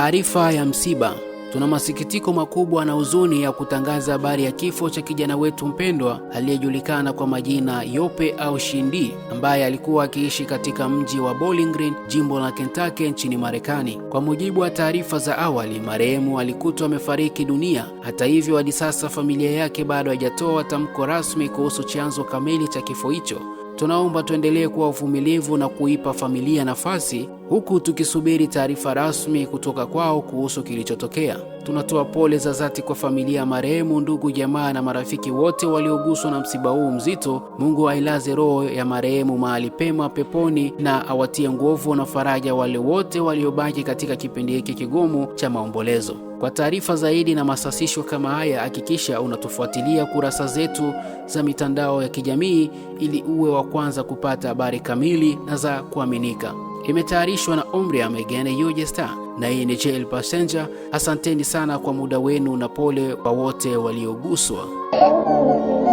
Taarifa ya msiba. Tuna masikitiko makubwa na huzuni ya kutangaza habari ya kifo cha kijana wetu mpendwa aliyejulikana kwa majina Yope au Shindi, ambaye alikuwa akiishi katika mji wa Bowling Green, jimbo la Kentucky nchini Marekani. Kwa mujibu wa taarifa za awali, marehemu alikutwa amefariki dunia. Hata hivyo, hadi sasa familia yake bado haijatoa tamko rasmi kuhusu chanzo kamili cha kifo hicho. Tunaomba tuendelee kuwa uvumilivu na kuipa familia nafasi huku tukisubiri taarifa rasmi kutoka kwao kuhusu kilichotokea. Tunatoa pole za zati kwa familia ya marehemu, ndugu, jamaa na marafiki wote walioguswa na msiba huu mzito. Mungu ailaze roho ya marehemu mahali pema peponi na awatie nguvu na faraja wale wote waliobaki katika kipindi hiki kigumu cha maombolezo. Kwa taarifa zaidi na masasisho kama haya, hakikisha unatufuatilia kurasa zetu za mitandao ya kijamii ili uwe wa kwanza kupata habari kamili na za kuaminika imetayarishwa na Omri Amegene Yujesta na hii ni JL Passenger. Asanteni sana kwa muda wenu na pole kwa wote walioguswa.